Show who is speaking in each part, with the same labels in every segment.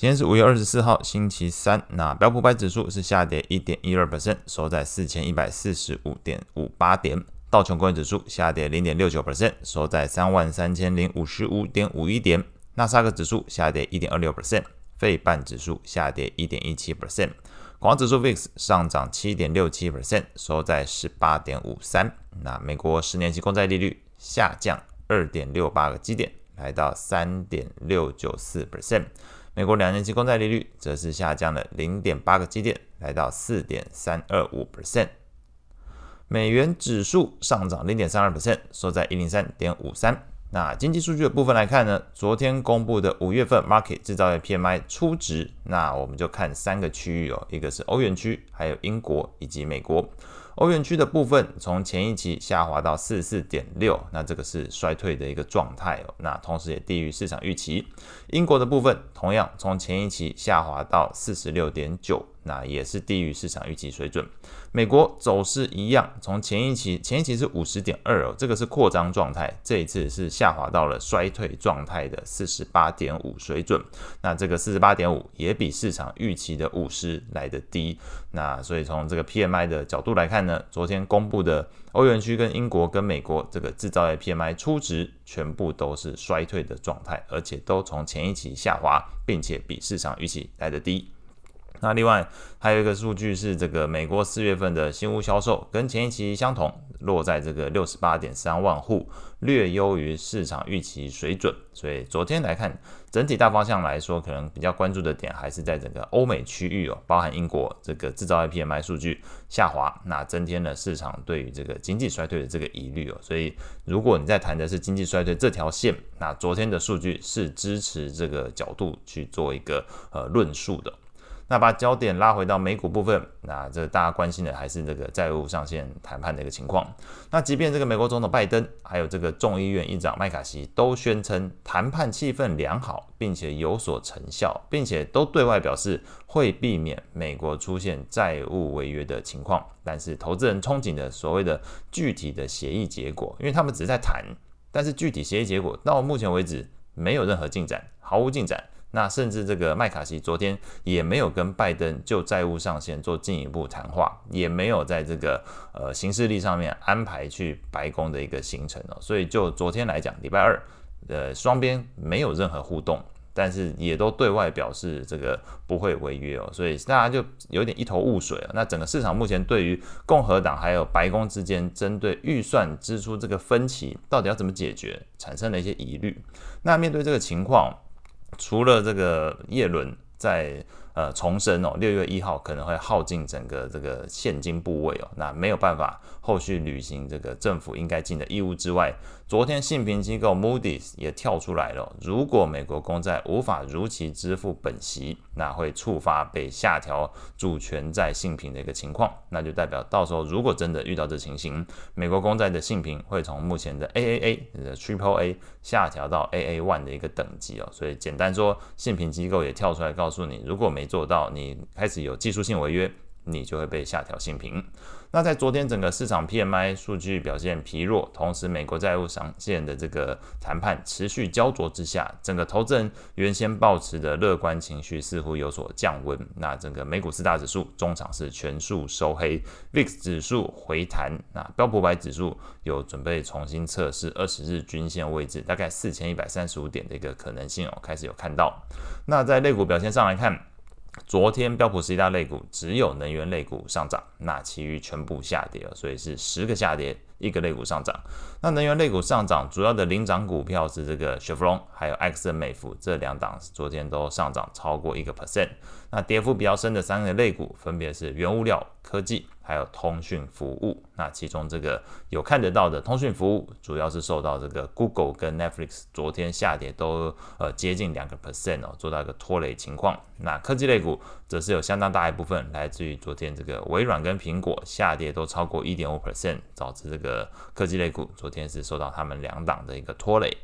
Speaker 1: 今天是五月二十四號，星期三。那標普五百指數是下跌一點一二百分，收在四千一百四十五點五八點。道瓊工業指數下跌零點六九百分，收在三萬三千零五十五點五一點。納斯達克指數下跌一點二六百分，費半指數下跌一點一七百分，恐慌指數 VIX 上漲七點六七百分，收在十八點五三。那美國十年期公債利率下降二點六八個基點，來到三點六九四百分。美國兩年期公債利率則是下降了零點八個基點，來到四點三二五 percent。美元指數上漲零點三二 percent，收在一零三點五三。那經濟數據的部分來看呢，昨天公布的五月份 Markit 製造業 PMI 初值，那我們就看三個區域哦，一個是歐元區，還有英國以及美國。歐元區的部分從前一期下滑到四十四點六，那這個是衰退的一個狀態哦，那同時也低於市場預期。英國的部分同樣從前一期下滑到四十六點九。那也是低於市場預期水準。美國走勢一樣，從前一期，前一期是五十點二哦，這個是擴張狀態，這一次是下滑到了衰退狀態的四十八點五水準。那這個四十八點五也比市場預期的五十來得低。那所以從這個 PMI 的角度來看呢，昨天公布的歐元區跟英國跟美國這個制造業 PMI 初值全部都是衰退的狀態，而且都從前一期下滑，並且比市場預期來得低。那另外還有一個數據是這個美國四月份的新屋銷售，跟前一期相同，落在這個六十八點三萬戶，略優於市場預期水準。所以昨天來看，整體大方向來說，可能比較關注的點還是在整個歐美區域哦，包含英國這個製造業 PMI 數據下滑，那增添了市場對於這個經濟衰退的這個疑慮哦。所以如果你在談的是經濟衰退這條線，那昨天的數據是支持這個角度去做一個呃論述的。那把焦點拉回到美股部分，那這大家關心的還是這個債務上限談判的一個情況。那即便這個美國總統拜登，還有這個眾議院議長麥卡錫都宣稱談判氣氛良好，並且有所成效，並且都對外表示會避免美國出現債務違約的情況。但是，投資人憧憬的所謂的具體的協議結果，因為他們只是在談，但是具體協議結果到目前為止沒有任何進展，毫無進展。那甚至這個麥卡錫昨天也沒有跟拜登就債務上限做進一步談話，也沒有在這個呃行事曆上面安排去白宮的一個行程哦。所以就昨天來講，禮拜二，呃雙邊沒有任何互動，但是也都對外表示這個不會違約哦。所以大家就有點一頭霧水。那整個市場目前對於共和黨還有白宮之間針對預算支出這個分歧到底要怎麼解決，產生了一些疑慮。那面對這個情況。除了這個葉倫在。呃，重申哦，六月一號可能會耗盡整個這個現金部位哦，那沒有辦法後續履行這個政府應該盡的義務之外，昨天信評機構 Moody's 也跳出來了哦，如果美國公債無法如期支付本息，那會觸發被下調主權債信評的一個情況，那就代表到時候如果真的遇到這情形，美國公債的信評會從目前的 AAA，也就是 Triple A 下調到 AA one 的一個等級哦，所以簡單說，信評機構也跳出來告訴你，如果美沒做到，你開始有技術性違約，你就會被下調信評。那在昨天整個市場 PMI 數據表現疲弱，同時美國債務上限的這個談判持續焦灼之下，整個投資人原先抱持的樂觀情緒似乎有所降溫。那整個美股四大指數終場是全數收黑，VIX 指數回彈，那標普百指數有準備重新測試二十日均線位置，大概四千一百三十五點的一個可能性哦，我開始有看到。那在類股表現上來看，昨天標普十一大類股只有能源類股上漲，那其餘全部下跌了，所以是十個下跌，一個類股上漲。那能源類股上漲主要的領漲股票是這個雪佛龍，還有埃克森美孚這兩檔，昨天都上漲超過一個 percent。那跌幅比較深的三個類股分別是原物料、科技、還有通訊服務，那其中這個有看得到的通訊服務，主要是受到這個 Google 跟 Netflix 昨天下跌都呃接近兩個 percent 哦，做到一個拖累情況。那科技類股則是有相當大一部分來自於昨天這個微軟跟蘋果下跌都超過一點五 percent，導致這個科技類股昨天是受到他們兩檔的一個拖累。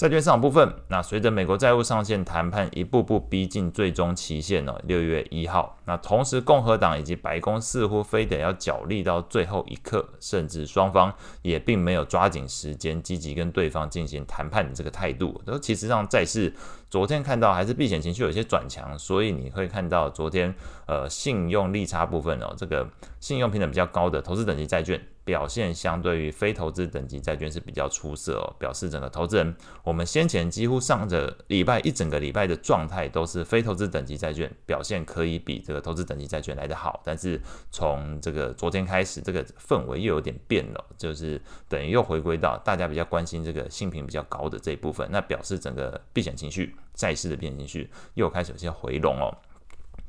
Speaker 1: 債券市場部分，那隨着美國債務上限談判一步步逼近最終期限哦。六月一號。那同時，共和黨以及白宮似乎非得要角力到最後一刻，甚至雙方也並沒有抓緊時間積極跟對方進行談判的這個態度，都其實上債市昨天看到還是避險情緒有些轉強，所以你會看到昨天呃信用利差部分哦，這個信用評等比較高的投資等級債券。表現相對於非投資等級債券是比較出色哦，表示整個投資人，我們先前幾乎上個禮拜一整個禮拜的狀態都是非投資等級債券表現可以比這個投資等級債券來得好，但是從這個昨天開始，這個氛圍又有點變了，就是等於又回歸到大家比較關心這個信評比較高的這一部分，那表示整個避險情緒、債市的避險情緒又開始有些回籠哦。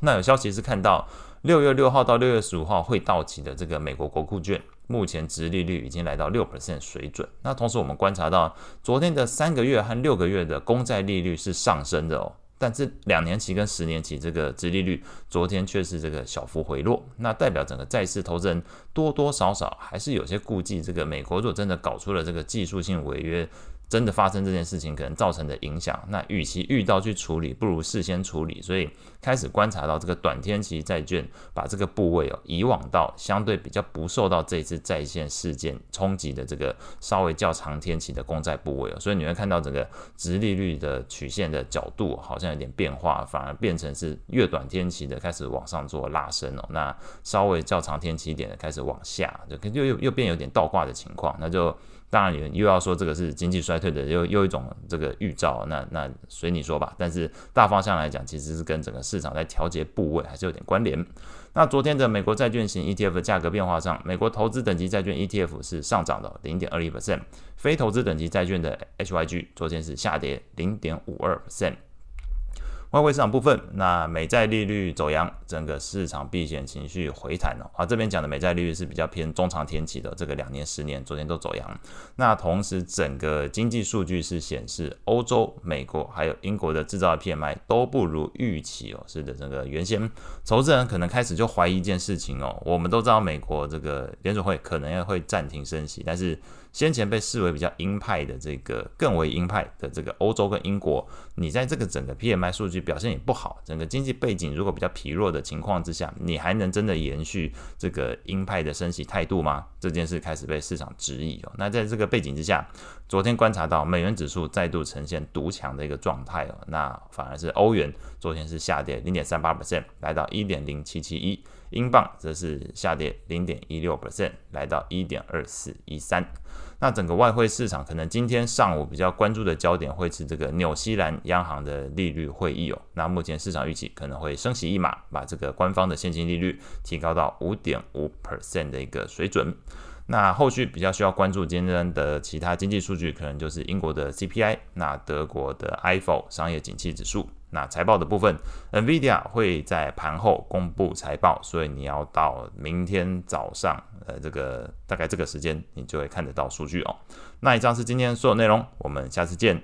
Speaker 1: 那有消息是看到六月六號到六月十五號會到期的這個美國國庫券。目前殖利率已經來到6%水準，那同時我們觀察到昨天的三個月和六個月的公債利率是上升的哦，但這兩年期跟十年期這個殖利率昨天卻是這個小幅回落，那代表整個債市投資人多多少少還是有些顧忌，這個美國若真的搞出了這個技術性違約。真的發生這件事情，可能造成的影響，那與其遇到去處理，不如事先處理。所以開始觀察到這個短天期債券，把這個部位哦，移往到相對比較不受到這次債限事件衝擊的這個稍微較長天期的公債部位哦，所以你會看到整個殖利率的曲線的角度好像有點變化，反而變成是越短天期的開始往上做拉升哦，那稍微較長天期一點的開始往下，就又又又變有點倒掛的情況，那就。當然，你又要說這個是經濟衰退的又又一種這個預兆，那那隨你說吧。但是大方向來講，其實是跟整個市場在調節部位還是有點關聯。那昨天的美國債券型 ETF 的價格變化上，美國投資等級債券 ETF 是上漲了零點二一 percent，非投資等級債券的 HYG 昨天是下跌零點五二 percent。外匯市場部分，那美債利率走揚，整個市場避險情緒回彈哦。啊，這邊講的美債利率是比較偏中長天期的，這個兩年、十年，昨天都走揚。那同時，整個經濟數據是顯示，歐洲、美國還有英國的製造業 PMI 都不如預期哦。是的，這個原先投資人可能開始就懷疑一件事情哦。我們都知道，美國這個聯儲會可能要會暫停升息，但是。先前被視為比較鷹派的這個，更為鷹派的這個歐洲跟英國，你在這個整個 PMI 數據表現也不好，整個經濟背景如果比較疲弱的情況之下，你還能真的延續這個鷹派的升息態度嗎？這件事開始被市場質疑哦。那在這個背景之下。昨天觀察到美元指數再度呈現獨強的一個狀態哦，那反而是歐元昨天是下跌零點三八 percent，來到一點零七七一；英鎊則是下跌零點一六 percent，來到一點二四一三。那整個外匯市場可能今天上午比較關注的焦點會是這個紐西蘭央行的利率會議哦。那目前市場預期可能會升息一碼，把這個官方的現金利率提高到五點五 percent 的一個水準。那後續比較需要關注今天的其他經濟數據，可能就是英國的 CPI，那德國的 Ifo 商業景氣指數。那財報的部分，NVIDIA 會在盤後公布財報，所以你要到明天早上，呃，這個大概這個時間，你就會看得到數據哦。那以上是今天所有內容，我們下次見。